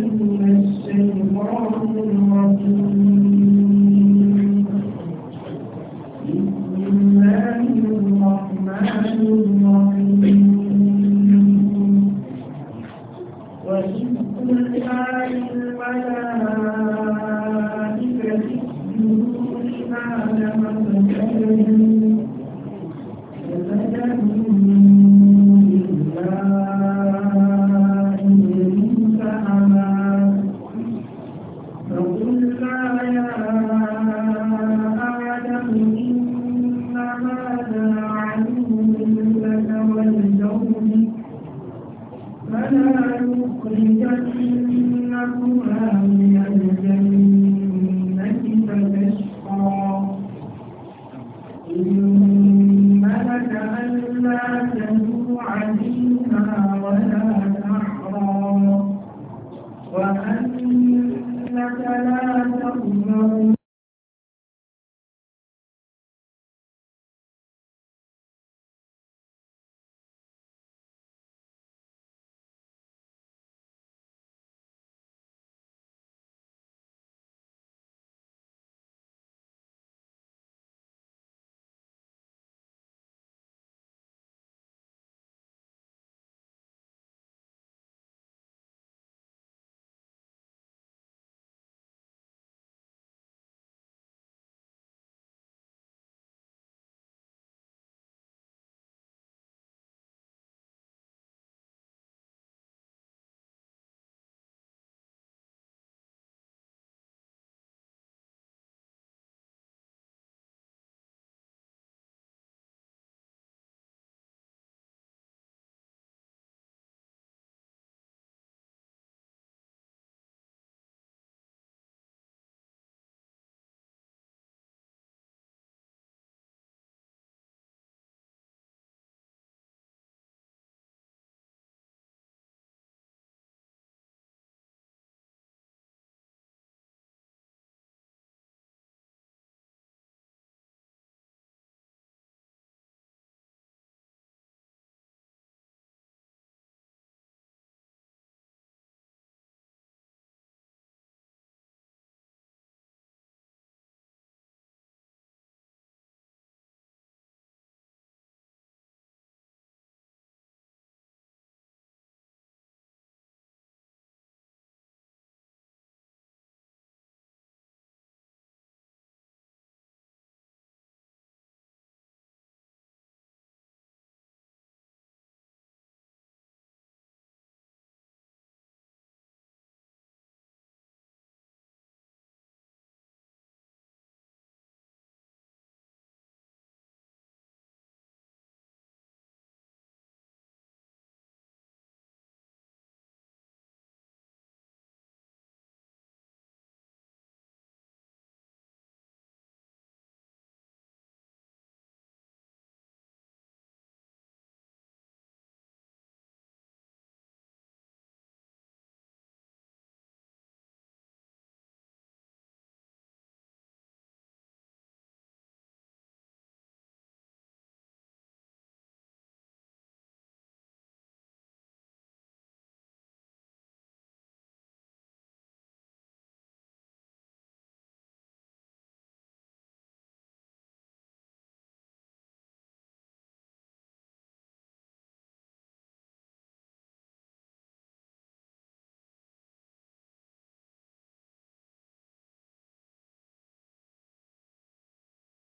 Thank you.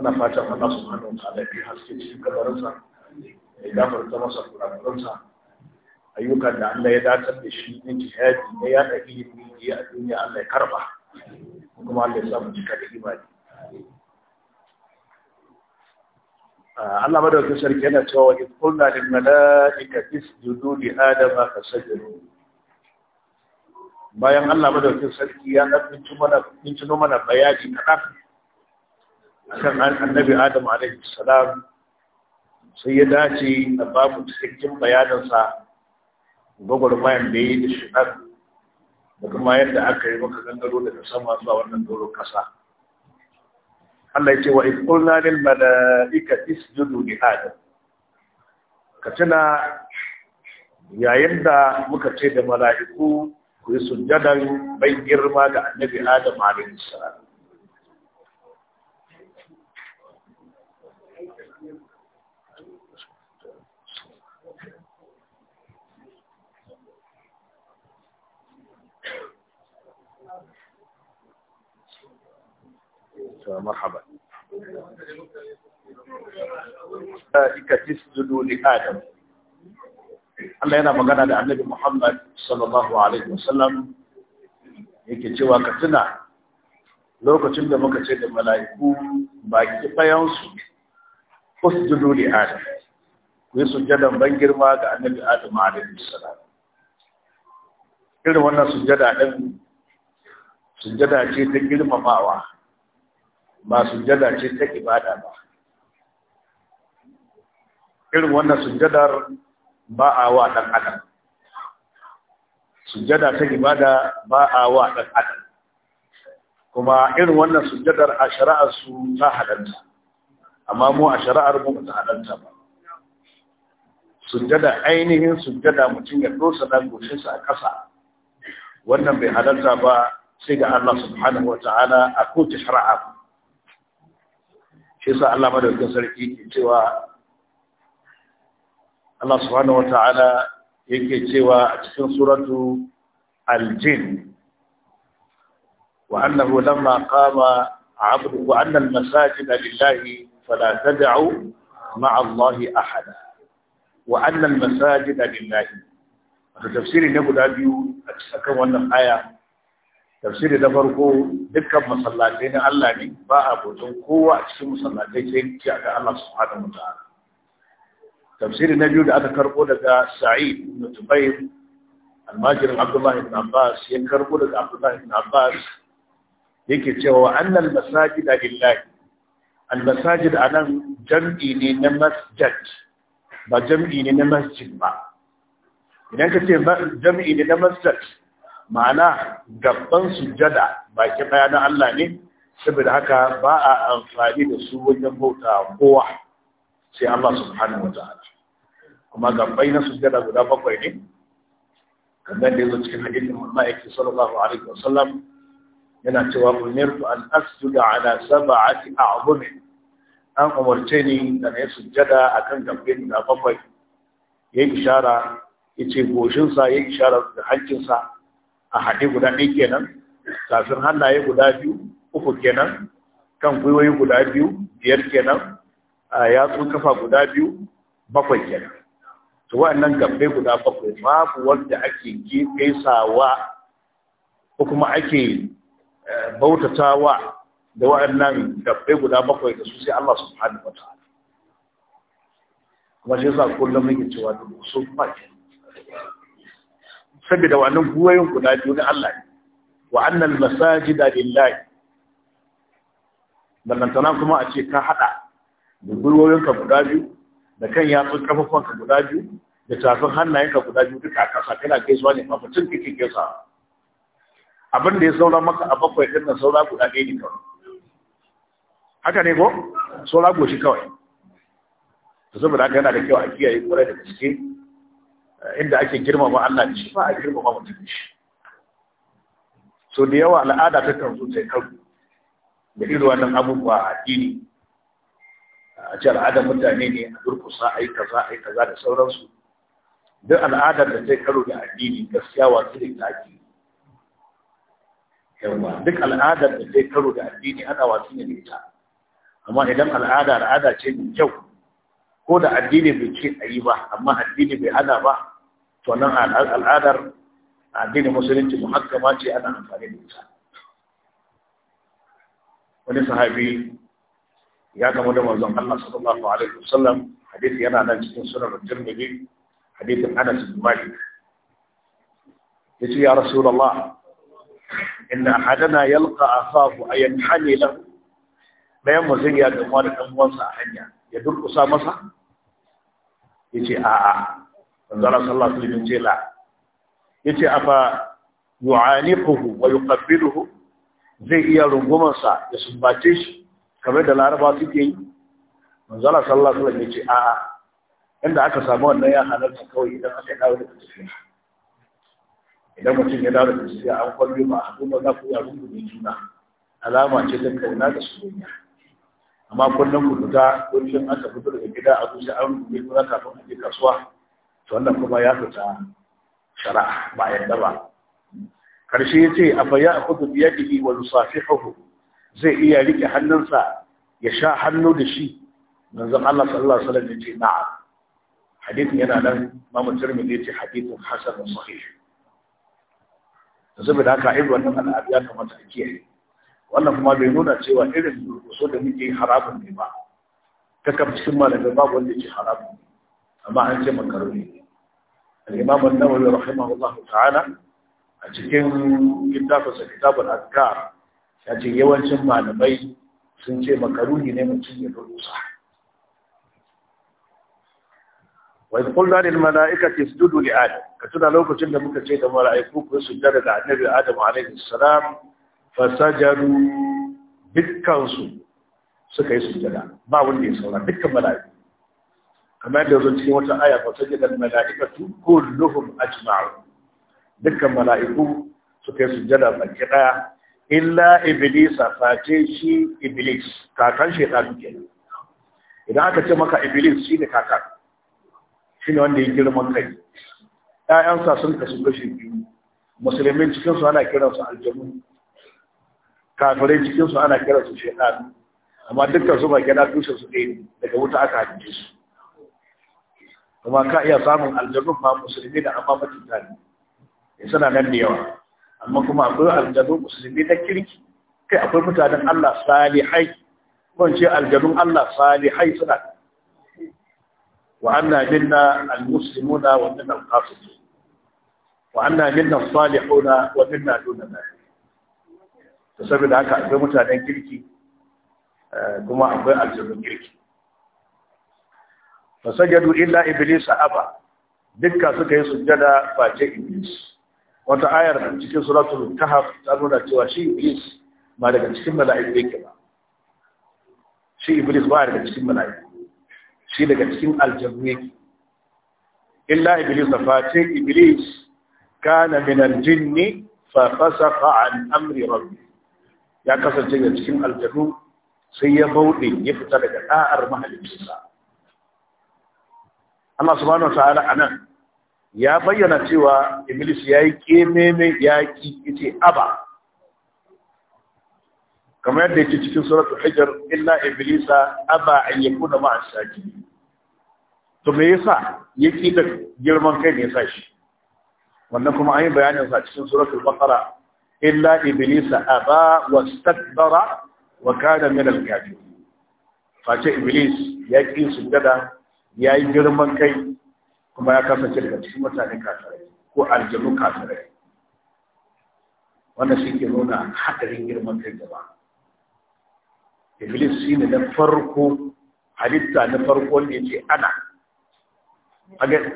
ana fatan Allah subhanahu wa ta'ala ya haske cikin kabarinsa ya ta masa kurakuransa ayyukan da Allah ya datar da shi na jihadi ya ɗaki ilimi ya a duniya Allah ya karba kuma Allah ya samu cika da imani ah, Allah madaukakin sarki yana cewa in kulna lil malaikati isjudu li adama fasajadu bayan Allah madaukakin sarki ya dan tuntuno mana bayani kaɗan. kan annabi adam alaihi salam sai ya dace da babu cikin bayaninsa gwagwarmayan da ya yi da shiɗar da kuma yadda aka yi maka gangaro daga sama zuwa wannan doron ƙasa Allah ya ce wa ikulna lil mala'ika isjudu li adam ka tuna yayin da muka ce da mala'iku ku yi sujjadan bai girma ga annabi adam alaihi salam cewa marhaba ika tisjudu li adam Allah yana magana da Annabi Muhammad sallallahu alaihi wasallam yake cewa ka lokacin da muka ce da mala'iku baki bayan su usjudu li adam ku yi sujjadan ban girma ga Annabi Adam alaihi salam irin wannan sujjada din ce ta girmamawa ba sujjada ce ta ibada ba irin wannan sujjadar ba a wa ɗan adam sujjada ta ibada ba a wa ɗan adam kuma irin wannan sujjadar a shari'ar su ta halarta amma mu a shari'ar mu ta halarta ba sujjada ainihin sujjada mutum ya dosa dan sa a ƙasa wannan bai halarta ba sai ga Allah subhanahu wa ta'ala a kowace shari'a shi sa Allah madaukakin sarki ke cewa Allah subhanahu wata'ala yake cewa a cikin suratu al-jin wa annahu lamma qama abdu wa anna al-masajida lillahi fala tad'u ma'a Allah ahada wa anna al-masajida lillahi wato tafsiri ne guda biyu a cikin wannan aya tafsiri na farko dukkan masallatai na Allah ne ba a bautan kowa a cikin masallatai sai ce ga Allah subhanahu wataala tafsiri na biyu da aka karbo daga Sa'id ibn Jubair almajirin Abdullah ibn Abbas ya karbo daga Abdullah ibn Abbas yake cewa masaji masajida lillahi al da anan jam'i ne na masjid ba jam'i ne na masjid ba idan ka ce jam'i ne na masjid ma'ana gabban sujjada baki daya na Allah ne saboda haka ba a amfani da su wajen bauta kowa sai Allah subhanahu wa ta'ala kuma gabbai na sujjada guda bakwai ne kamar da yazo cikin hadisin yake sallallahu alaihi wasallam yana cewa umirtu an asjuda ala sab'ati a'zum an umarce ni da na sujjada akan gabbai guda bakwai yayin ishara yace goshin sa yayin ishara da sa a haɗe guda ɗaya kenan kafin hannaye guda biyu uku kenan kan gwiwoyi guda biyu biyar kenan a yatsun kafa guda biyu bakwai kenan to wa'annan gabbai guda bakwai babu wanda ake gaisawa ko kuma ake eh, bautatawa da wa'annan gabbai guda bakwai da su sai Allah subhanahu wataala kuma shi yasa kullum nake cewa duk su bakin saboda wannan guwayin guda biyu na Allah ne wa annal masajida lillahi ballantana kuma a ce ka hada da ka guda biyu da kan yatsun ka guda biyu da tafin hannayenka guda biyu duka a kasa kana gaisuwa ne mafacin kake gaisa abin da ya saura maka a bakwai din nan saura guda ɗaya ne kawai haka ne ko saura goshi kawai saboda haka yana da kyau a kiyaye kwarai da gaske inda ake girmama Allah da shi ba a girmama mutum da shi so da yawa al'ada ta kan zo ta da irin wannan abubuwa a addini a ce al'adar mutane ne a durkusa a yi kaza a yi kaza da sauransu duk al'adar da zai karo da addini gaskiya wa tsirin ta yawa duk al'adar da zai karo da addini ana wasu ne da ita amma idan al'ada al'ada ce mai kyau ko da addini bai ce a yi ba amma addini bai hana ba to nan al'adar addinin musulunci muhakkama ce ana amfani da ita wani sahabi ya kama da mazan Allah sallallahu alaihi wasallam hadisi yana nan cikin sunan Tirmidhi hadisin Anas bin Malik yace ya rasulullah inna ahadana yalqa afahu ayan halilahu bayan mazan ya gamu da kan uwansa a hanya ya durkusa masa yace a'a manzo Allah sallallahu alaihi wasallam yace afa yu'aniquhu wa yuqabbiluhu zai iya rungumar sa ya sumbace shi kamar da laraba suke yi manzo Allah sallallahu alaihi wasallam yace a'a inda aka samu wannan ya halarta kawai idan aka dawo da tafiya idan mutum ya dawo da tafiya an kwallo ba a kuma za ku ya rungume juna alama ce ta kauna da soyayya amma kullum ku fita kullum an tafi daga gida a zuci an yi kuna kafin ku je kasuwa to wannan kuma ya fita shari'a ba yadda ba karshe ya ce a baya a kudu biyadihi wa nusafihuhu zai iya rike hannunsa ya sha hannu da shi manzon Allah sallallahu alaihi wasallam yace na'a, na'am yana nan Imam Tirmidhi ya ce hadithun hasan sahih saboda haka irin wannan al'adu ya kamata a kiyaye wannan kuma bai nuna cewa irin so da muke haramun ne ba ta kam cikin malamai babu wanda ke haramun amma an ce makaroni al-imam an-nawawi rahimahullahu ta'ala a cikin sa kitabul azkar ya ce yawancin malamai sun ce makaroni ne mutum ya durkusa wa idh qulna lil mala'ikati isjudu li adam ka tuna lokacin da muka ce da mala'iku ku sujjada ga annabi adam alaihi salam fasajadu dukkansu suka yi sujjada ba wanda ya saura dukkan mala'iku kamar yadda zo cikin wata aya fasajadal mala'ikatu kulluhum ajma'u dukkan mala'iku suka yi sujjada baki daya illa iblisa Fati shi iblis kakan shaitan kenan idan aka ce maka iblis shine kakan shine wanda ya girman kai ƴaƴansa sun kasu kashi biyu musulmin cikin su ana kiransu aljannu kafirai cikin su ana kira su shekaru amma dukkan su ba kira tushe su ɗaya daga wuta aka hajji su kuma ka iya samun aljanun ma musulmi da amma mutunta ne ya eh, suna nan da yawa amma kuma akwai aljanun musulmi na kirki kai akwai mutanen Allah salihai Kuma ce aljanun Allah salihai suna wa anna minna almuslimuna wa minna alqasitun wa anna minna as-salihuna wa minna duna dhalik to saboda haka akwai mutanen kirki eh, kuma akwai aljannun kirki fasajadu illa iblis aba dukkan suka yi sujjada face iblis wata ayar cikin suratul kahf ta nuna cewa shi iblis ba daga cikin mala'iku yake ba shi iblis ba daga cikin mala'iku shi daga cikin aljannu yake illa iblis da face iblis kana min aljinni fa fasaqa an amri rabbi ya kasance ga cikin aljanu sai ya bauɗe ya fita daga ɗa'ar mahalicinsa Allah subhanahu a nan. ya bayyana cewa Iblis ya yi ƙememe ya ƙi ita aba kamar yadda yake cikin suratu hajjar illa iblisa aba an yakuna ma'a sajidin to me yasa ƙi da girman kai ne yasa shi wannan kuma an yi bayanin sa cikin suratul baqara illa iblis aba wastakbara wa kana min al-kafirin face iblis ya ki sujada ya yi girman kai kuma ya kasance daga cikin mutane kafirai ko aljanu kafirai wannan shi ke nuna hadarin girman kai gaba iblis shi na farko halitta na farko wanda ya ce ana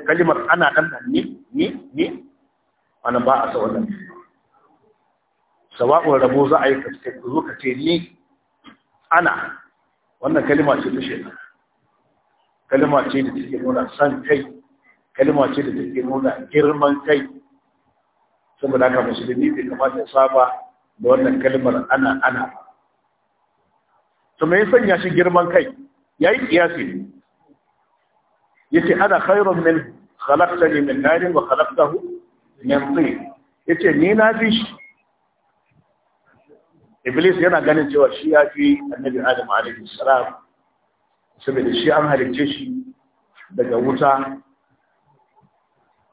kalimar ana ɗan ni ni ni wannan ba a sa wannan sawa'un rabo za a yi zo ka ce ni ana wannan kalima ce ta shaitan kalima ce da take nuna san kai kalima ce da take nuna girman kai saboda haka musulmi bai kamata ya saba da wannan kalmar ana ana ba to me ya sanya shi girman kai yayi kiyasi ne yace ana khairun min khalaqtani min narin wa khalaqtahu min tin yace ni na fi shi iblis yana ganin cewa shi ya fi annabi adam alaihi salam saboda shi an halicce shi daga wuta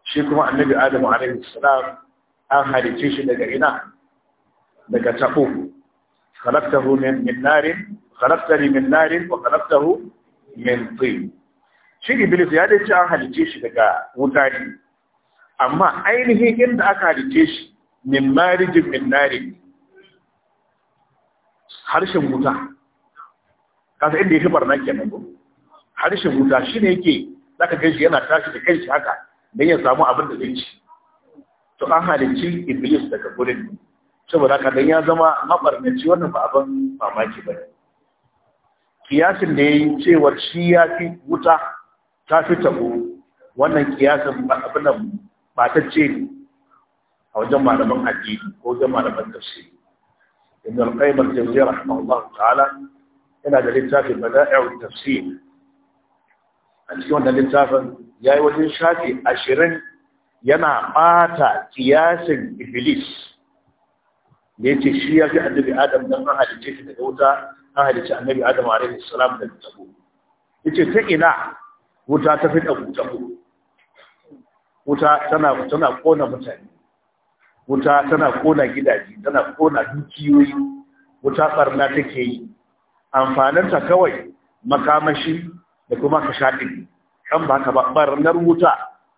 shi kuma annabi adam alaihi salam an halicce shi daga ina daga tabo khalaqtahu min narin khalaqtani min narin wa khalaqtahu min tin shi iblis ya dace an halicce shi daga wuta ne amma ainihin inda aka halicce shi min marijin min narin harshen wuta kasa inda ya fi barna ke nan harshen wuta shi ne yake zaka gan shi yana tashi da kanshi haka don ya samu abin da zai ci to an halicci iblis daga gurin saboda haka dan ya zama mabarnaci wannan ba abin mamaki ba kiyasin da ya yi cewar shi ya fi wuta ta fi tabo wannan kiyasin abin da ba ta ce a wajen malaman addini ko wajen malaman tafsiri ibn al-qayyim al-jawziyya rahimahullah ta'ala yana da littafin bada'u tafsir a cikin wannan littafin yayi wajen shafi ashirin yana bata kiyasin iblis da yace shi ya fi annabi adam dan an halice daga wuta an halice annabi adam alaihi salam da tabo yace ta ina wuta ta fi wuta tana kona mutane wuta tana kona gidaje tana kona dukiyoyi wuta barna take yi amfaninta kawai makamashi da kuma ka sha ɗin kan ba ka barnar wuta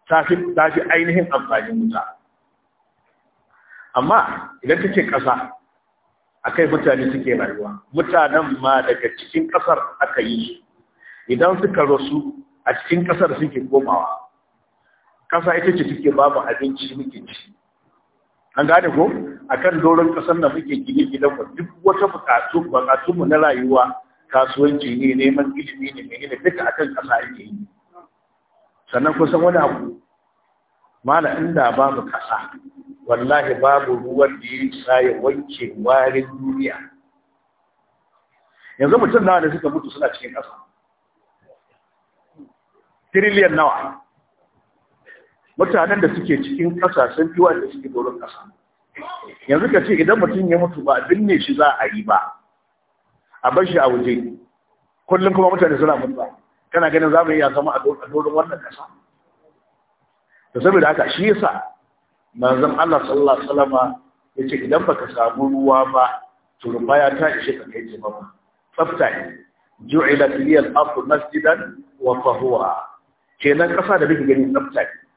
ta fi ainihin amfanin wuta amma idan take ƙasa akai mutane suke rayuwa mutanen ma daga cikin ƙasar aka yi idan suka rasu a cikin ƙasar suke komawa ƙasa ita ce take babu abinci muke ci an gane ko akan doron ƙasar da muke gine gidan mu duk wata bukatu bukatun mu na rayuwa kasuwanci ne neman ilimi ne mai ne duka akan kasa ake yi sannan kusan wani abu mala inda babu kasa wallahi babu ruwan da ya sa ya wanke warin duniya yanzu mutum nawa da suka mutu suna cikin kasa tiriliyan nawa mutanen da suke cikin ƙasa sun fi wanda suke doron ƙasa yanzu ka ce idan mutum ya mutu ba binne shi za a yi ba a bar shi a waje kullum kuma mutane suna mutuwa kana ganin za mu iya zama a doron wannan ƙasa da saboda haka shi yasa manzon Allah sallallahu alaihi wasallama ce idan baka samu ruwa ba turbaya ta ishe ka kai ba tsafta ne ju'ilat liyal ardu masjidan wa tahura kenan ƙasa da muke gani tsafta ne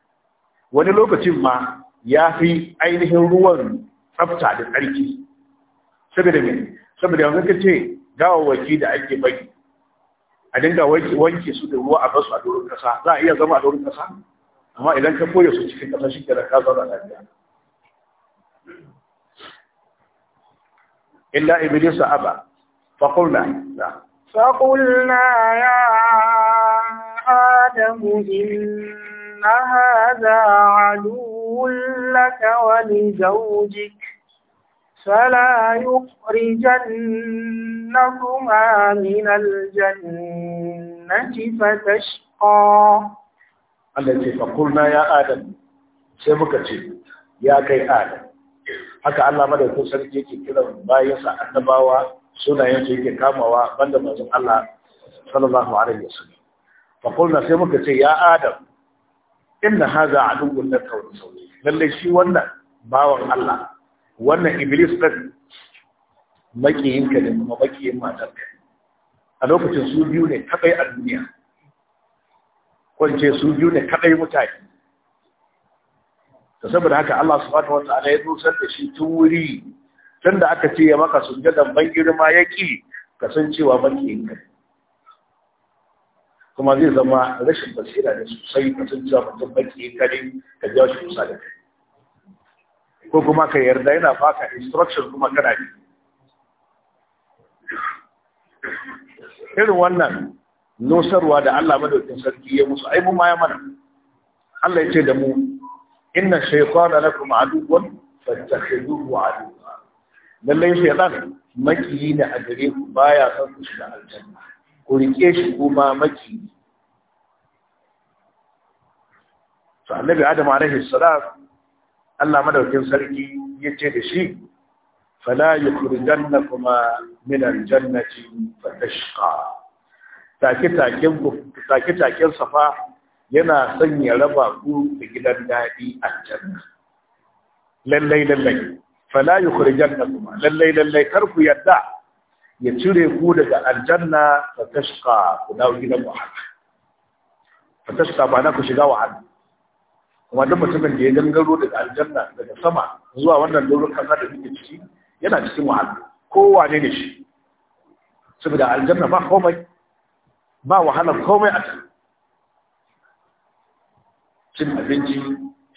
wani lokacin ma ya fi ainihin ruwan tsafta da tsarki saboda mai saboda yanzu ka ce gawawaki da ake baki a dinga wanke su da ruwa a basu a doron kasa za a iya zama a doron kasa amma idan ka koya su cikin kasa shi ke da kasa da lafiya illa iblis aba fa qulna fa qulna ya adamu inna هذا عدو لك ولزوجك فلا يخرجنكما من الجنة فتشقى التي فقلنا يا آدم سيبكتي يا كي آدم haka Allah madaukakin sarki yake kiran bayansa annabawa sunayen su yake kamawa banda manzon Allah sallallahu alaihi wasallam fa qulna sai muka ce ya adam inna haza aduwwun laka wa sawi lalle shi wannan bawan Allah wannan iblis din makiyinka ne kuma makiyin ka a lokacin su biyu ne kadai a duniya kwance su biyu ne kadai mutane da saboda haka Allah subhanahu wataala ya nusar da shi tun wuri tun da aka ce ya maka sujjadan ban girma yaki kasancewa ka ne kuma zai zama rashin basira da sosai a san cewa mutum baki kare ka ja shi kusa da kai ko kuma ka yarda yana baka instruction kuma kana bi irin wannan nosarwa da Allah madaukin sarki ya musu ai mun ma ya mana Allah ya ce da mu inna shaytana lakum aduwwan fattakhiduhu aduwwa lallai shaytan makiyi ne a gare ku baya son ku shiga aljanna ku rike shi kuma maki to annabi adam alaihi salam Allah madaukin sarki yace da shi fala yukhrijannakuma min aljannati fatashqa take taken ku take taken safa yana sanya raba ku da gidan dadi aljanna lallai lallai fala yukhrijannakuma lallai lallai kar ku yadda ya cire ku daga aljanna ta tashka ku dawo gidan wahala ta tashka ba na ku shiga wahala kuma duk mutumin da ya gangaro daga aljanna daga sama zuwa wannan doron kasa da muke ciki yana cikin wahala Kowa ne shi saboda aljanna ba komai ba wahalar komai a can cin abinci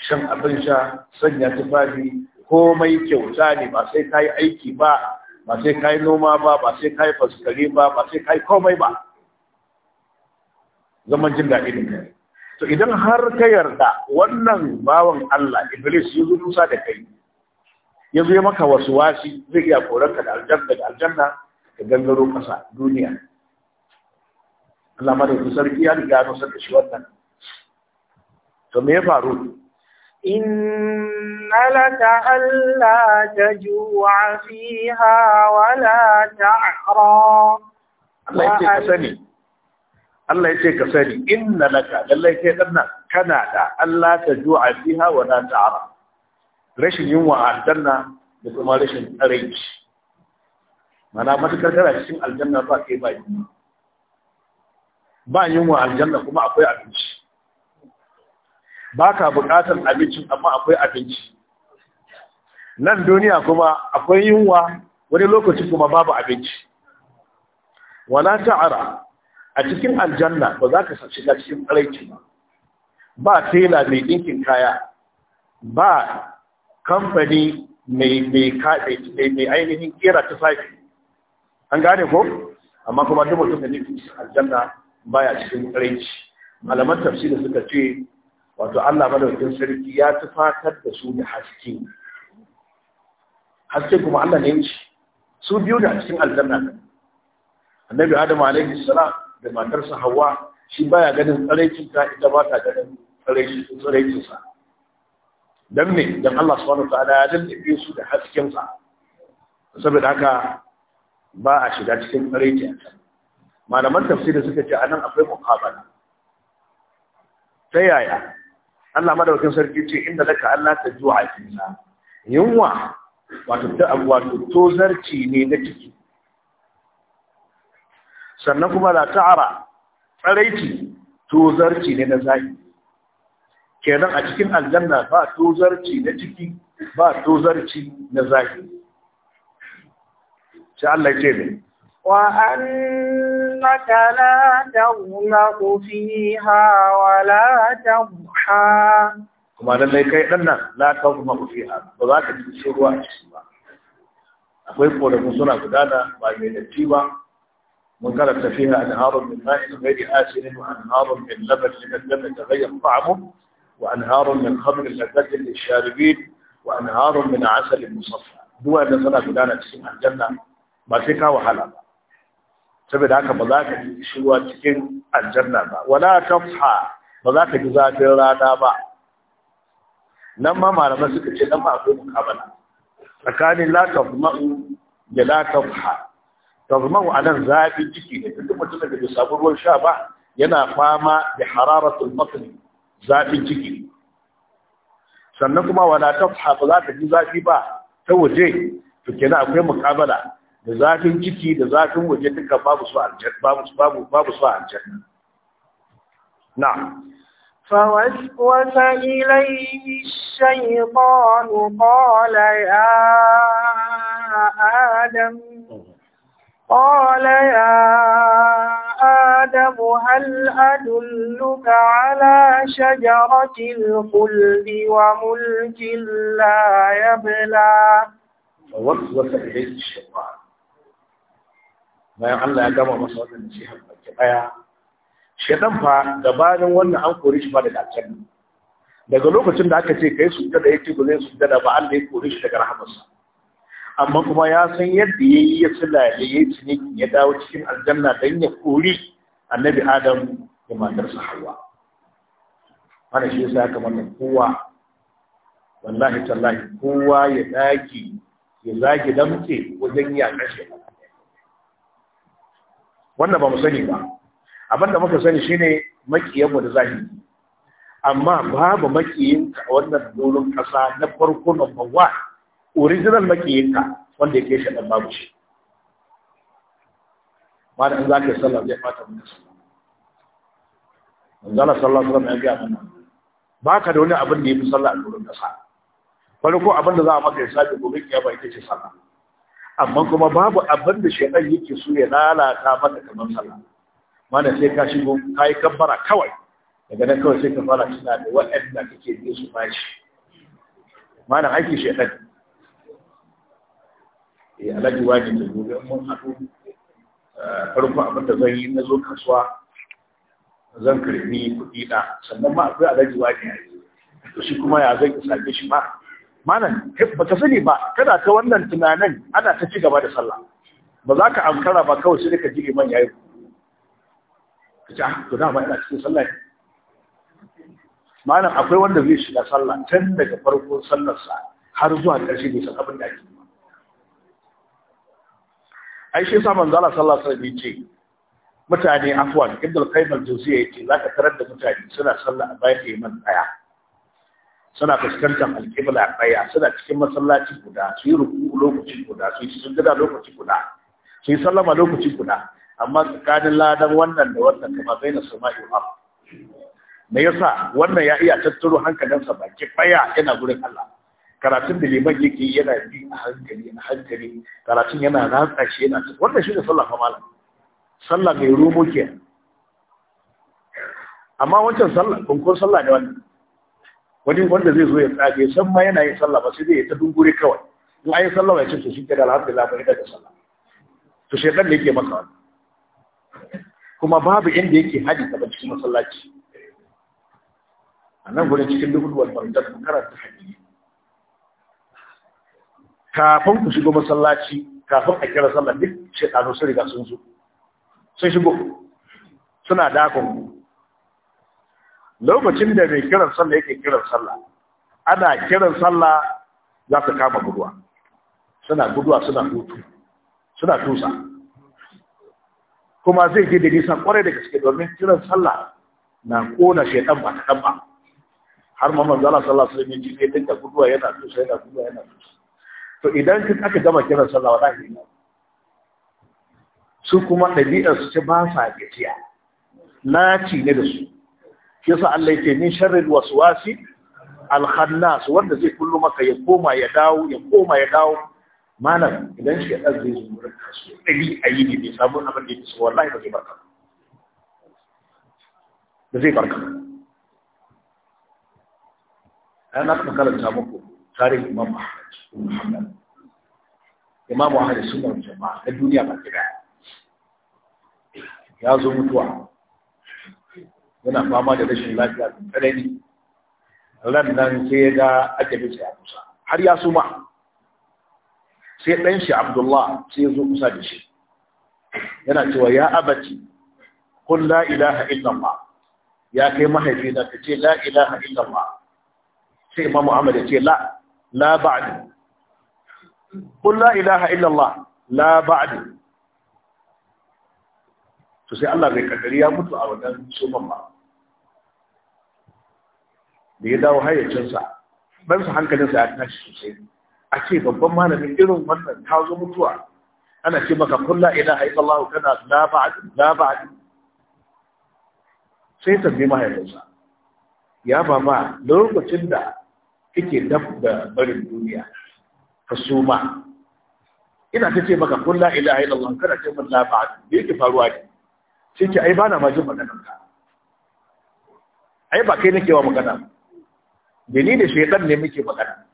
shan abin sha sanya tufafi komai kyauta ne ba sai ta yi aiki ba ba sai kai noma ba ba sai kai faskare ba ba sai kai komai ba zaman jin daɗi ne kai to idan har ka yarda wannan bawan Allah Iblis ya zo Musa da kai ya zo maka wasu wasi zai iya ka da aljanna da aljanna ka gangaro ƙasa duniya Allah madaukakin sarki ya riga ya nusar da shi wannan to me ya faru إن لك ألا تجوع فيها ولا تعرى Allah ya Allah ya ce ka sani inna laka lallai kai dan nan kana da Allah ta ju'a fiha wa la ta'ara rashin yunwa a da kuma rashin tsaraici mana matakar kana cikin aljanna ba kai ba ba yunwa aljanna kuma akwai abinci ba ka buƙatar abincin amma akwai abinci nan duniya kuma akwai yunwa wani lokaci kuma babu abinci wala ta'ara a cikin aljanna ba za ka shiga cikin tsaraici ba ba tela mai ɗinkin kaya ba kamfani mai ainihin kera tufafi an gane ko amma kuma duk mutum da nufin aljanna baya cikin tsaraici malaman tafsiri suka ce wato Allah madaukin sarki ya tufatar da su da haske haske kuma Allah ne ci su biyu da cikin aljanna annabi Adam alayhi salam da matarsa Hawwa shi baya ganin tsaraicin ta ita ba ta ganin tsaraicin tsaraicin sa dan ne dan Allah subhanahu ta'ala ya dalle su da hasken sa saboda haka ba a shiga cikin tsaraicin malaman tafsiri suka ce anan akwai muqabala ta yaya Allah madaukin sarki ce inda laka Allah ta ju'a fina yunwa wato ta wato tozarci ne na ciki sannan kuma la ta'ara tsaraici tozarci ne na zaki kenan a cikin aljanna ba tozarci na ciki ba tozarci na zaki sai Allah ya ce ne وأنك لا تغلق فيها ولا تضحى كما أن لا تغلق فيها وذلك تشير واحد أخوي قول المسنة قدانا بعدين التيوة من كانت فيها أنهار من ماء غير آسن وأنهار من لبن لمن لم يتغير طعمه وأنهار من خمر لذة للشاربين وأنهار من عسل مصفى دوا أن سنة قدانا تسمع الجنة ما فيك وحلا saboda haka ba za ka ji shiwa cikin aljanna ba wala tafha ba za ka ji zafin rana ba nan ma malamai suka ce nan ba akwai mukamala tsakanin la tafma'u da la tafha tafma'u anan zafi ciki ne duk mutum da bai samu ruwan sha ba yana fama da hararatul batn zafin ciki sannan kuma wala tafha ba za ka ji zafi ba ta waje to kenan akwai mukabala da zafin ciki da zafin waje duka babu su aljanna na fawaswasa ilayhi shaytanu qala ya adam ya adam hal adulluka ala shajarati alkhuldi bayan Allah ya gama masa wannan nasihar baki daya shedan fa gabanin wannan an kore shi ba daga aljanna daga lokacin da aka ce kai su da yake ba zai su da ba Allah ya kore shi daga rahamarsa amma kuma ya san yadda yayi ya tsila ya yi ciniki ya dawo cikin aljanna dan ya kore annabi Adam da matarsa hawa wannan shi yasa kamar kowa wallahi tallahi kowa ya daki ya zagi damke wajen ya kashe Wannan ba mu sani ba abin da muka sani shine makiyan mu da zahiri amma babu makiyin ka a wannan doron kasa na farko na bawa original makiyin ka wanda yake shi dan babu shi ba da in za ka yi sallah zai fata mun sallah manzala sallah alaihi wasallam ya ga mana ba ka da wani abin da ya fi sallah a doron kasa farko abin da za a maka hisabi gobe kiyama ita ce sallah amma kuma babu abin da shaidan yake so ya lalata maka kamar sallah mana sai ka shigo ka yi kabbara kawai daga nan kawai sai ka fara tuna da waɗanda kake bi su bashi mana haƙi shaidan eh alaji wani da gobe mun haɗu eh, farko abin da zan yi na zo kasuwa zan karbi kuɗi na sannan ma akwai alaji wani ya yi to shi kuma ya zai ka shi ma mana ba ta sani ba kada ta wannan tunanin ana ta ci gaba da sallah ba za ka amkara ba kawai sai ka ji liman yayi ka ci ah to dama ina cikin sallah malam akwai wanda zai shiga sallah tun daga farkon sallarsa har zuwa ƙarshe bai san abin da ake ai shi sa manzo Allah sallallahu alaihi wasallam ce mutane afwan ibn al-qayyim al-jawziyya yake zaka tarar da mutane suna sallah a bayan iman daya suna fuskantar alƙibla ɗaya suna cikin masallaci guda su yi ruku lokaci guda su yi sujjada lokaci guda su yi sallama lokaci guda amma tsakanin ladan wannan da wannan kama bai na yi wa me yasa wannan ya iya tattaro hankalinsa baki ɗaya yana gurin Allah karatun da liman yake yana bi a hankali a hankali karatun yana ratsa shi yana wannan shi ne sallah fa malam sallah mai rumo ke amma wancan sallah kun sallah ne wannan wani wanda zai zo ya tsage san ma yana yin sallah ba sai zai ta dungure kawai in ayi sallah ya ce to shi ke da alhamdulillah bai da sallah to shedan ne yake maka wani kuma babu inda yake haji ta cikin masallaci a nan gurin cikin duk faridar ku karanta hadisi kafin ku shigo masallaci kafin a kira sallah duk shedanu sun riga sun zo sun shigo suna dakon ku lokacin da mai kiran sallah yake kiran sallah ana kiran sallah za su kama guduwa suna guduwa suna hutu suna tusa kuma zai je da nisa kwarai da gaske domin kiran sallah na kona shaitan ba ta kamba har ma manzo Allah sallallahu alaihi wasallam ya dinka guduwa yana tusa yana guduwa yana tusa to idan kin aka gama kiran sallah wallahi ina su kuma ɗabi'ar su ce ba sa gajiya naci ne da su yasa Allah yake min sharril waswasi al-khannas wanda zai kullu maka ya koma ya dawo ya koma ya dawo malam idan shi dan zai zo wurin kasu dali ayi ne bai samu abin da yake so wallahi ba zai barka ba zai barka ana kuma karanta muku tarihin Imam Ahmad Muhammad Imam Ahmad sunnar jama'a na duniya ba ta ya zo mutuwa yana fama da rashin lafiya da tsanani ran nan sai ya ga ajalinsa ya kusa har ya suma sai ɗan shi abdullah sai ya zo kusa da shi yana cewa ya abaci kun la ilaha illallah ya kai mahaifi na ka ce la ilaha illallah sai imamu ahmad ya ce la la ba'di kun la ilaha illallah la ba'di to sai Allah bai kaddari ya mutu a wannan suman ba da ya dawo hayyacinsa ɗansa hankalinsa ya tashi sosai a ce babban malamin irin wannan ta zo mutuwa ana ce maka kulla ilaha illallah kana la ba'd la ba'd sai tambayi mahaifinsa ya baba lokacin da kike dab da barin duniya ka suma ina ta ce maka kulla ilaha illallah kana ce min la ba'd me yake faruwa ne sai ce ai bana ma jin maganar ka ai ba kai nake wa magana da ni da shaidan ne muke magana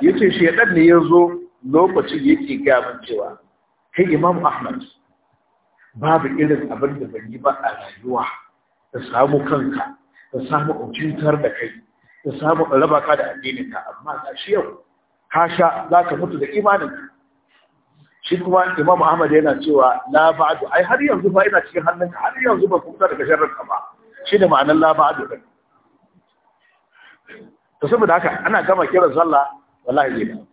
yace shaidan ne yazo lokacin yake ga mun cewa kai imam ahmad babu irin abin da ban yi ba a rayuwa ta samu kanka ta samu aucintar da kai ta samu raba ka da addininka amma ga shi yau ka sha za ka mutu da imaninka shi kuma imam ahmad yana cewa na ba'adu ai har yanzu ba ina cikin hannunka har yanzu ba ku kuma daga ka ba shi da ma'anar labadu ɗin to saboda haka ana gama kiran sallah wallahi zai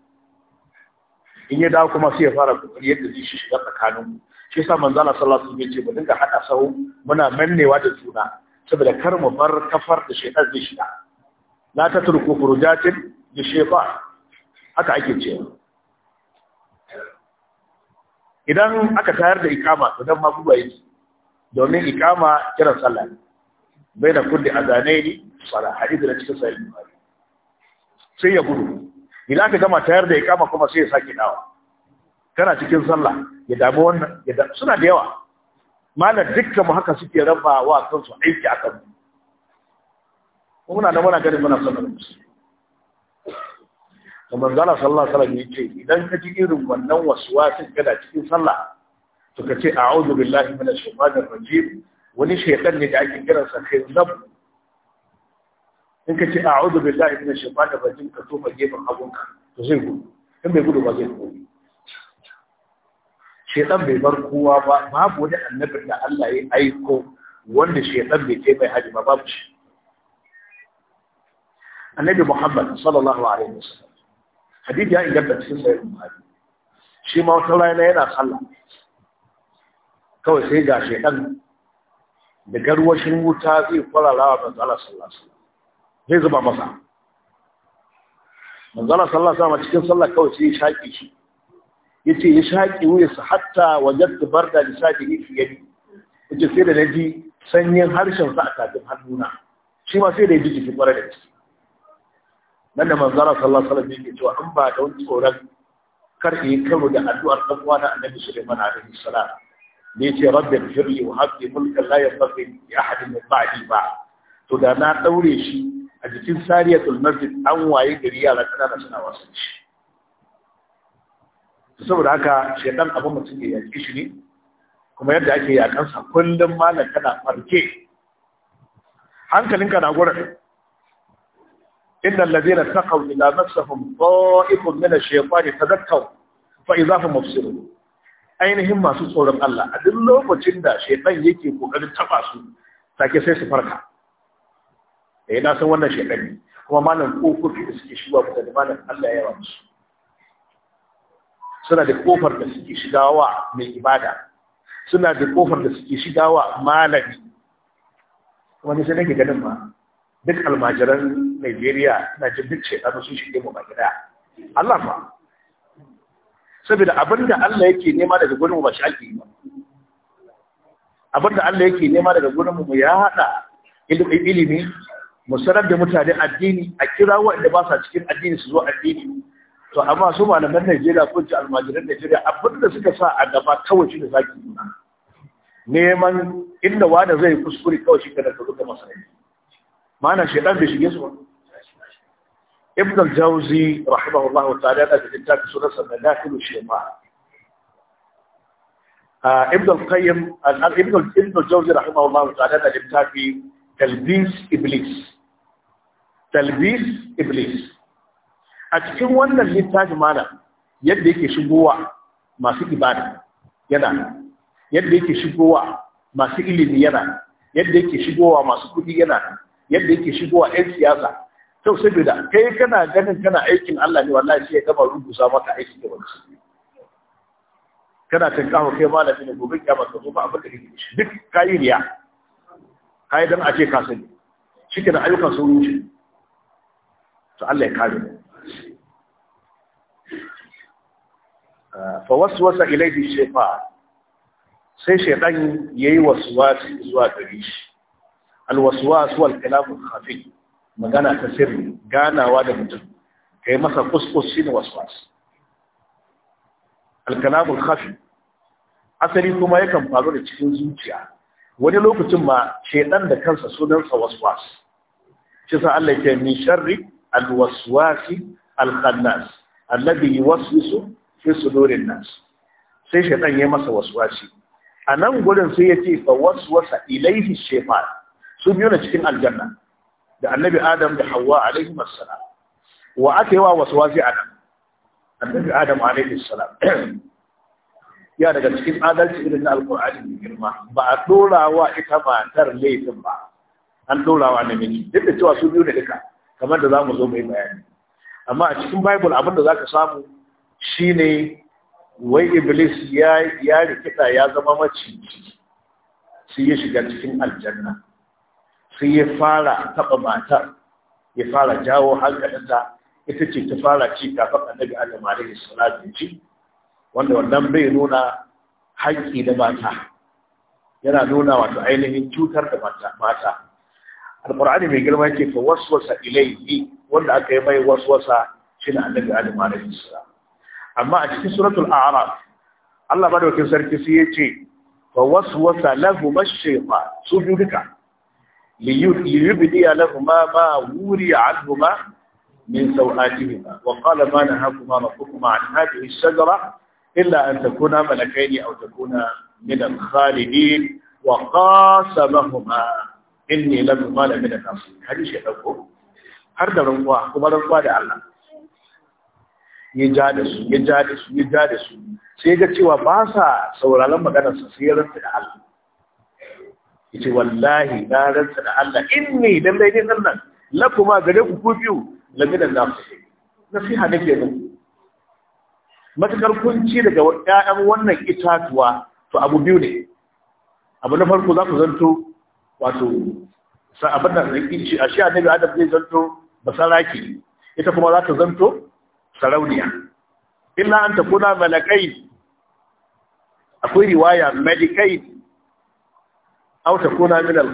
in yi dawo kuma sai ya fara kokari yadda zai shiga tsakanin shi sa manzo Allah sallallahu alaihi wasallam ce mu dinga hada sahu muna mannewa da juna saboda kar mu bar kafar da ɗan zai shiga la tatruku furujatin shi ba haka ake cewa idan aka tayar da ikama idan dan mabuwa yake domin ikama kiran sallah ne bai da kulli azanaini sala hadisi da cikin sahih bukhari sai ya gudu idan ka gama tayar da ya kama kuma sai ya saki dawa kana cikin sallah ya damu wannan ya da suna da yawa malam dukkan mu haka suke raba wa kansu aiki akan mu muna da muna ganin muna sallar musu to manzala sallallahu alaihi wasallam ce. idan ka ji irin wannan waswasin kada cikin sallah to ka ce a'udhu billahi minash shaitanir rajim wani shekar ne da ake kiransa khizab in ka ce a'udhu billahi minash shaitanir rajim ka tofa gefen hagunka to zai gudu in bai gudu ba zai gudu shaitan bai bar kowa ba babu wani annabin da Allah ya aiko wanda shaitan bai kai mai haji ba babu shi annabi Muhammad sallallahu alaihi wasallam hadith ya inganta cikin sahih Bukhari shi ma wata rana yana sallah kawai sai ga shaitan da garwashin wuta zai kwarara wa manzala sallasa zai zuba masa manzala sallasa ma cikin sallah kawai sai ya shaƙi shi ya ce ya shaƙi wuyarsa hatta wajen bar da lissafi ya fi yadda sai da na ji sanyin harshensa a tafin hannuna shi ma sai da ya ji jiki kwarar da ciki nan da manzara sallallahu alaihi wasallam yake cewa an ba da wani tsoron kar yi karo da addu'ar dan uwa na annabi Sulaiman alaihi salam da ce rabbi firli wa haqqi mulkan la yanbaghi li ahadin min ba'di ba to da na daure shi a jikin sariyatul masjid an waye gari yara kana da suna wasu shi saboda haka shedan abu mutum ya yaki shi ne kuma yadda ake yakan sa kullum malam kana farke hankalinka na gurin إن الذين اتقوا إذا مسهم طائف من الشيطان تذكروا فإذا هم مبصرون ainihin masu tsoron Allah a duk lokacin da shaidan yake kokarin taba su take sai su farka eh na san wannan shaidan ne kuma malam kokofi da suke shiga ku da malam Allah ya rabu suna da kofar da suke shiga wa mai ibada suna da kofar da suke shiga wa malami ni sai nake ganin ma duk almajiran Najeriya na jin duk shekaru sun shige mu ba gida. Allah fa saboda abinda Allah yake nema daga gurin mu ba shi ake yi ba abinda Allah yake nema daga gurin mu ya hada ilimi mu sanar da mutane addini a kira wanda ba sa cikin addini su zo addini to amma su malaman Najeriya ko ci almajiran Najeriya abinda suka sa a gaba kawai shi da zaki neman inda wani zai kuskure kawai shi kada ka zo ka mana mana shedan bai shige su ba ibn al-jawzi rahimahullahu ta'ala da littafi sunan sa madakhil shema ibn al-qayyim ibn al-jawzi rahimahullahu ta'ala da talbis iblis talbis iblis a cikin wannan littafi mana yadda yake shigowa masu ibada yana yadda yake shigowa masu ilimi yana yadda yake shigowa masu kuɗi, yana yadda yake shigowa 'yan siyasa to saboda kai kana ganin kana aikin Allah ne wallahi sai ya gama rubuta maka aiki da wani kana kan kawo kai malami ne gobe kiyama ka zo ba abin da kake duk kai riya kai dan a ce ka sani shike da ayyukan sun wuce to Allah ya kare mu ah, fa waswasa ilayhi shaytan sai shaytan yayi waswasi zuwa gare shi alwaswas wal kalam khafi magana ta sirri ganawa da mutum ka yi masa kuskus shi ne waswas alkalamul khafi asali kuma yakan faru da cikin zuciya wani lokacin ma shaidan da kansa sunansa waswas shi sa Allah ke min sharri alwaswasi alkhannas alladhi yuwaswisu fi sudurin nas sai shaidan ya masa waswasi a nan gurin sai ya ce fa waswasa ilaihi shaytan sun biyo cikin aljanna da annabi adam da hawa alaihi salam wa aka yi wa waswasi adam annabi adam alaihi salam ya daga cikin adalci irin na alkur'ani mai girma ba a dora wa ita matar laifin ba an dora wa namiji duk da cewa su biyu ne duka kamar da za mu zo mai bayani amma a cikin bible abin da zaka samu shine wai iblis ya ya rikita ya zama maciji sai ya shiga cikin aljanna sai ya fara taɓa matar ya fara jawo hankalinta ita ce ta fara ci kafin annabi allah alaihi salatu ci wanda wannan bai nuna haƙƙi da mata yana nuna wato ainihin cutar da mata alƙur'ani mai girma yake fa waswasa ilayhi wanda aka yi mai waswasa shine annabi Adam alaihi amma a cikin suratul a'raf Allah wakil sarki sai ya ce fa waswasa lahu ash su duka liyubdiya ba ma wuri anhuma min sawatihima wa qala ma nahakuma rabbukuma an hadhihi ash-shajara illa an takuna malakayn aw takuna min al-khalidin wa qasamahuma inni lahuma la min al-nasihin hadith ya dauko har da ranwa kuma ranwa da Allah ya ja su ya ja su ya ja su sai ga cewa ba sa sauraron maganar sa sai ranta da Allah yace wallahi na rantsa da Allah inni dan dai ne nan kuma gare ku ku biyu na nasihi nasiha ke nan matakar kun ci daga ƴaƴan wannan itatuwa to abu biyu ne abu na farko za ku zanto wato sa abin da kici, a shi annabi adam zai zanto basaraki ita kuma za ta zanto sarauniya illa an takuna malakai akwai riwaya medikai aw na min al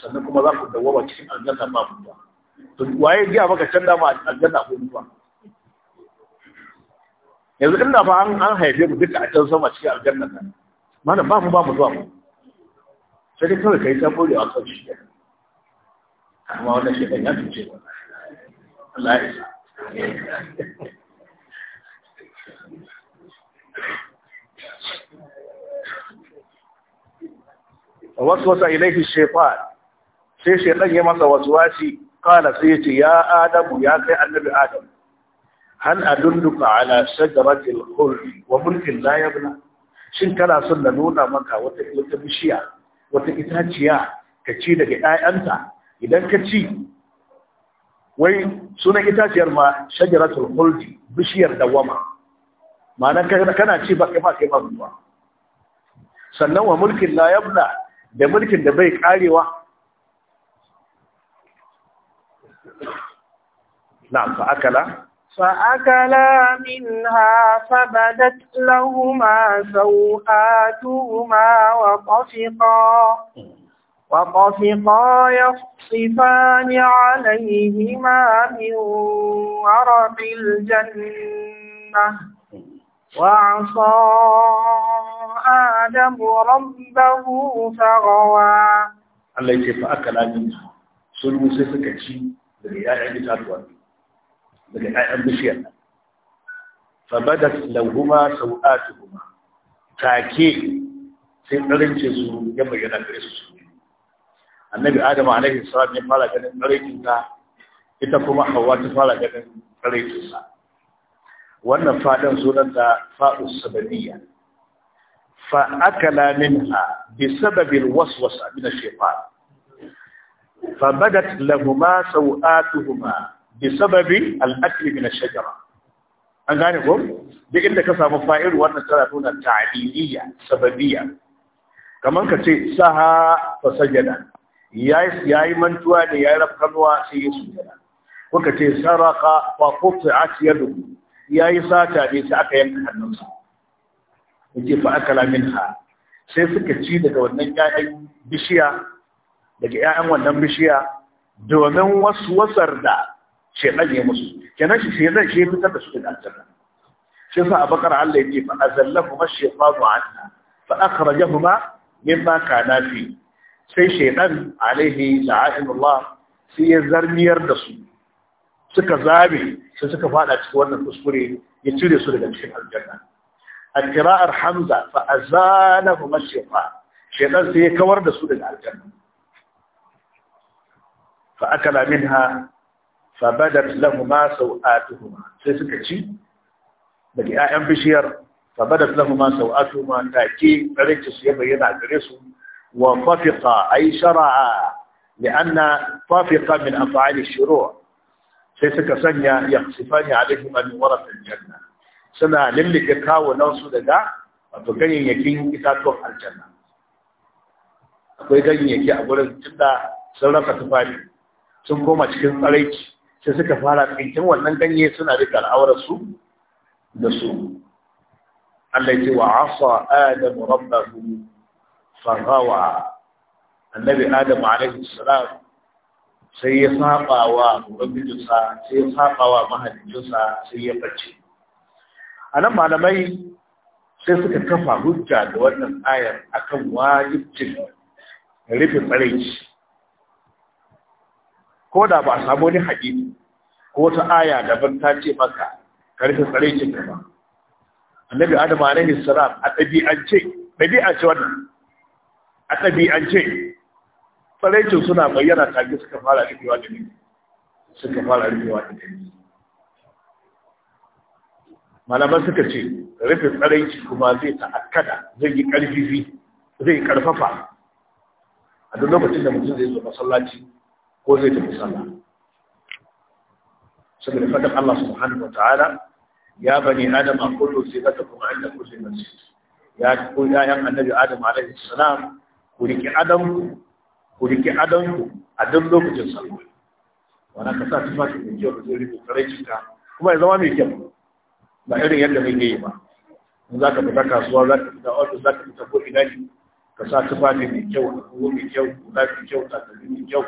sannan kuma za ku ba cikin aljanna ba ku ba to waye ga maka can da ma aljanna ko ba yanzu inda fa an an haife mu duka a can sama cikin aljanna nan mana ba mu ba mu zuwa sai dai kawai kai ta bore a kan shi amma wannan shi ya tuce Allah ya waswasa إليه shaytan sai shaitan ya masa waswasi kana sai yace ya adamu ya kai annabi adam hal adulluka ala shajaratil khuld wa mulkin la yabla shin kana son na nuna maka wata wata bishiya wata itaciya ka ci daga 'ya'yanta? idan ka ci wai sunan itaciyar ma shajaratul khuld bishiyar dawama ma'ana kana ci ba kai ba kai ba sannan wa mulkin la yabla da mulkin da bai ƙarewa na fa akala fa akala minha fabadat lahumā sawātuhumā wa qafiqā wa qafiqā yasifāni 'alayhimā min 'araqil jannah وعصى آدم ربه فغوى الله يتفى أكلا منها sun musu suka ci daga ‘ya'yan itatuwa daga ‘ya'yan bishiyar fabadat lauhuma sau'atu kuma take sai ɗarince su ya bayyana gare su annabi adamu alaihi salam ya fara ganin ɗarincinta ita kuma hawa ta fara ganin ɗarincinsa wannan fadan sunan da fa'us sababiyya fa akala minha bi sababil waswasa min ash-shaytan fa badat lahumu sawatuhuma bi sababi al-akl min ash-shajara an gane ko duk inda ka samu fa'il wannan tana nuna ta'liliyya sababiyya Kamar ka ce saha fa sajada yayi yayi mantuwa da yayi rafkanuwa sai ya sujada kuka ce saraka wa qut'at yaduhu ya yi sata ne sai aka yanka hannunsa yake fa aka lamin ha sai suka ci daga wannan ƴaƴan bishiya daga ƴaƴan wannan bishiya domin wasu wasar da shedan ya musu kenan shi shedan shi ya fitar da su daga aljanna shi yasa abakar Allah ce fa azallahuma shaytanu anha fa akhrajahuma mimma kana fi sai shedan alaihi la'anullah sai ya zarmiyar da su suka zabe sai suka fada cikin wannan kuskure ya cire su daga cikin aljanna a kira'ar hamza fa azana kuma shefa shedan sai ya kawar da su daga aljanna fa akala minha fa badat lahumma tuhuma, sai suka ci daga 'ya'yan bishiyar fa badat tuhuma, sawatuhuma take tsareci su ya bayyana gare su wa fafiƙa fafiqa ay shar'a لأن طافقة من أفعال الشروع sai suka sanya ya sifani alaihim min warafil janna suna kawo na su daga wato ganyayyakin itatuwan aljanna akwai ganyayyaki a gurin tunda sun rasa tufafi sun koma cikin tsaraici sai suka fara tsinkin wannan ganye suna rika al'awar su da su Allah ya ce wa asa adam rabbahu fa annabi adam alaihi salam sai ya saba wa ubangijinsa sai ya saba wa mahaliccinsa sai ya bace a nan malamai sai suka kafa hujja da wannan ayar akan wajibcin rufe tsaraici ko da ba a samu wani haɗi ko wata aya daban ta ce maka ka rufe tsaraicin ka ba annabi adam alaihi salam a ɗabi'ance wannan a ɗabi'ance tsaraicin suna bayyana tage suka fara rufewa da ne suka fara rufewa da ne malaman suka ce rufe tsaraici kuma zai ta'akkada zai yi ƙarfifi zai ƙarfafa a duk lokacin da mutum zai zo masallaci ko zai tafi sallah saboda fadar Allah subhanahu wataala ya bani adam a kullu sibatakum da kulli masjid ya ku ya yan annabi adam alaihi salam ku riki adam ku riƙe adonku a duk lokacin sallah wani ka sa tufafi mai kyau da zai rike tsaraicin ka kuma ya zama mai kyau ba irin yadda mai yi ba in za ka fita kasuwa za ka fita ofis za ka fita ko ina ne ka sa tufafi mai kyau agogo mai kyau kula mai kyau takalmi mai kyau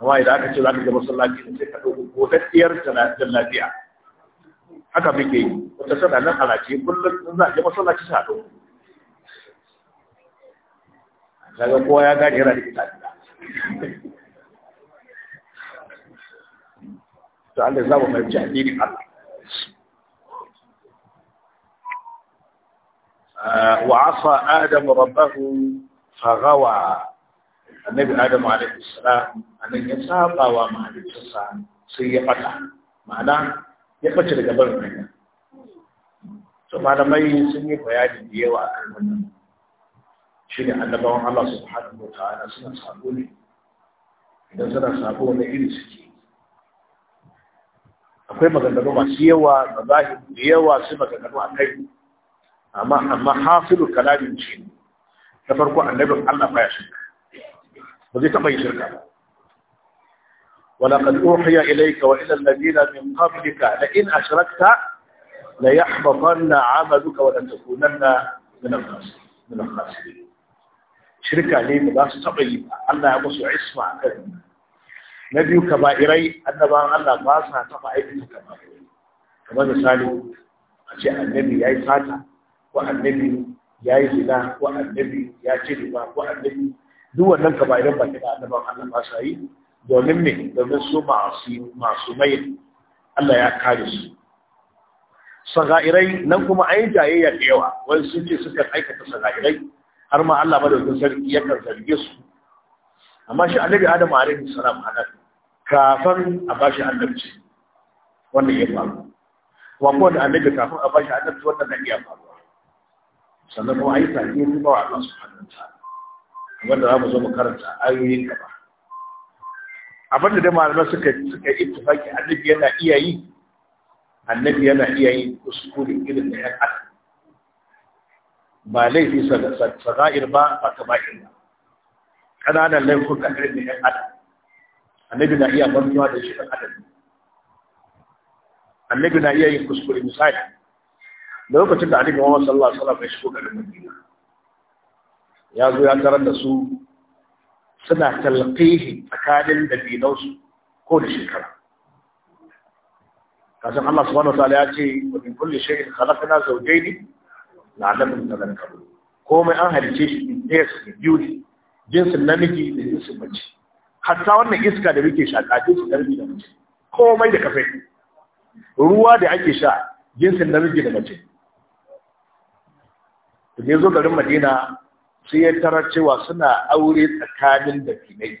amma idan aka ce za ka ga masallaci da sai ka ɗauko gotacciyar talatin lafiya haka muke yi wata sada nan alaci kullum in za a je masallaci sa ɗauko daga kowa ya gane yana da ita to Allah zaba mai ci addini Allah ah, wa asa adam rabbahu fagawa annabi adam alaihi salam annan ya saba wa mahaifinsa sai ya fada ma'ana ya fice daga barin nan to malamai sun yi bayani da yawa a wannan shi ne annabawan Allah subhanahu wa ta'ala suna sabo ne idan suna sabo wani iri suke akwai maganganu masu yawa da zahiri da yawa su maganganu a kai amma amma hasilu kalamin ce na farko annabin Allah baya shirka ba zai taɓa yi shirka ba ولقد أوحي إليك وإلى الذين من قبلك لئن أشركت ليحبطن عملك ولتكونن من الخاسرين shirka ne ba za su taɓa yi ba Allah ya musu isma a kan na biyu ka ba'irai annabawan Allah ba sa taɓa aikata kaba'irai kamar misali a ce annabi ya yi fata ko annabi ya yi zina ko annabi ya ce riba ko annabi duk wannan ba'irai ba kina annabawan Allah ba sa yi domin me domin su masu mai Allah ya kare su saga'irai nan kuma an yi jayayya da yawa wani sun ce sukan aikata saga'irai har ma Allah madaukakin sarki yakan zarge su amma shi annabi Adam alaihi salam ma'anar, kafin a bashi annabci wannan ya faru kuma da annabi kafin a bashi annabci wannan na iya faruwa sannan kuma ayi take ne ba Allah subhanahu wa ta'ala wanda za mu zo mu karanta ayoyin gaba abin da dai malamai suka suka ittifaki annabi yana iya yi annabi yana iya yi kuskure irin da ya ba laifi saga'ir ba ba kaba'ir ba ƙananan laifuka irin da ‘yan adam annabi na iya mantuwa da shi ɗan adam annabi na iya yin kuskure misali lokacin da annabi Muhammad sallallahu alaihi wasallam ya shigo garin Madina ya zo ya tarar da su suna talqihi tsakanin dabinan su ko da shekara kasan Allah subhanahu wa ta'ala ya ce wa min kulli shay'in khalaqna zawjayn la'allakum tadhakkarun komai an halice shi yes ne, jinsin namiji da jinsin mace hatta wannan iska da muke shaka jinsin namiji da mace komai da kafai ruwa da ake sha jinsin namiji da mace da ya zo garin madina sai ya tarar cewa suna aure tsakanin da finai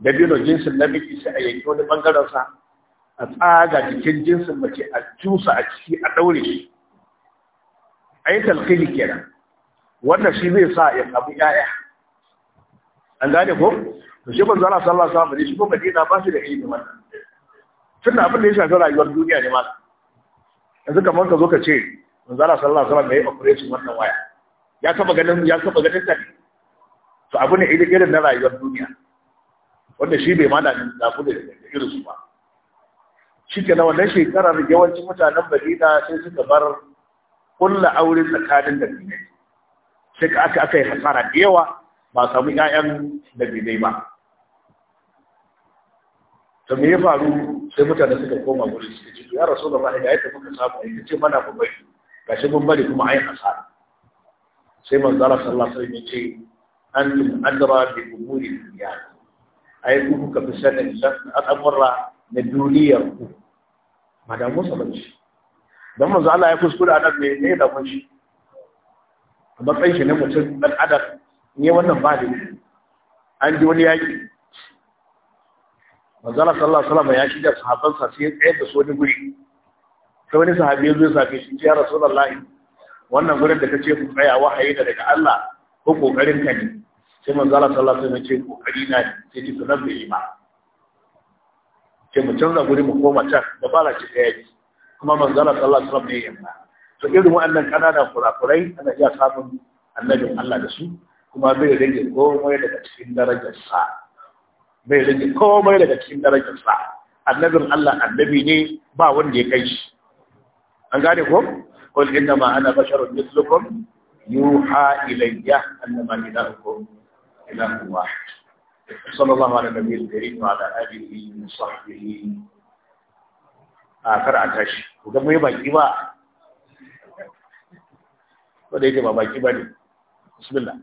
da bino jinsin namiji sai a yanki wani bangaren sa a tsaga jikin jinsin mace a cusa a ciki a ɗaure. shi ai talqini kenan wannan shi zai sa ya samu yaya an gane ko to shi manzo Allah sallallahu alaihi wasallam shi ko Madina ba shi da ilimi wannan tunda abin da ya shafi rayuwar duniya ne ma yanzu kamar ka zo ka ce manzo Allah sallallahu alaihi wasallam yi operation wannan waya ya taba ganin ya taba ganin ta to abu ne irin na rayuwar duniya wanda shi bai mana da ku da irin su ba shi ke na wannan shekarar yawancin mutanen Madina sai suka bar kulla aure tsakanin da dinai sai aka aka yi hasara da yawa ba samu ƴaƴan da dinai ba to me ya faru sai mutane suka koma gurin suka ce ya rasulullahi da yake muka samu ya ce mana ku bai shi mun bari kuma ai hasara sai manzara sallallahu alaihi wasallam ya ce antum adra bi umuri dunya ai ku kuka fi sanin al'amura na duniyar ku madan musa don manzo Allah ya kuskure a nan ne da mun shi a matsayin shi ne mutum dan adam ne wannan ba da an ji wani yaƙi. mazala sallallahu alaihi wasallam ya shiga sahabbansa sai ya tsayar da su wani guri sai wani sahabi ya zo ya sake shi ya rasulullahi wannan gurin da kace ku tsaya wahayi da daga Allah ko kokarin ka ne sai manzo Allah sallallahu alaihi wasallam ya ce kokari na sai ki sanar bai ima sai mu canza guri mu koma can da bala ci tsaya kuma manzala Allah su rabu ne yamma So, irin waɗannan ƙananan kurakurai ana iya samun annabin Allah da su kuma bai rage komai daga cikin darajarsa. bai rage komai daga cikin darajarsa. annabin Allah annabi ne ba wanda ya kai shi an gane ko Kul inna ma ana basharun mislukum yuha ilayya annama ilahukum ilahun wahid صلى الله على النبي الكريم وعلى آله وصحبه آخر عتاشي ku ga mai baki ba ko da yake ba baki ba ne bismillah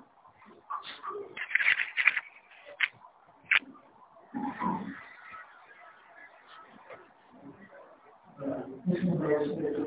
Thank you.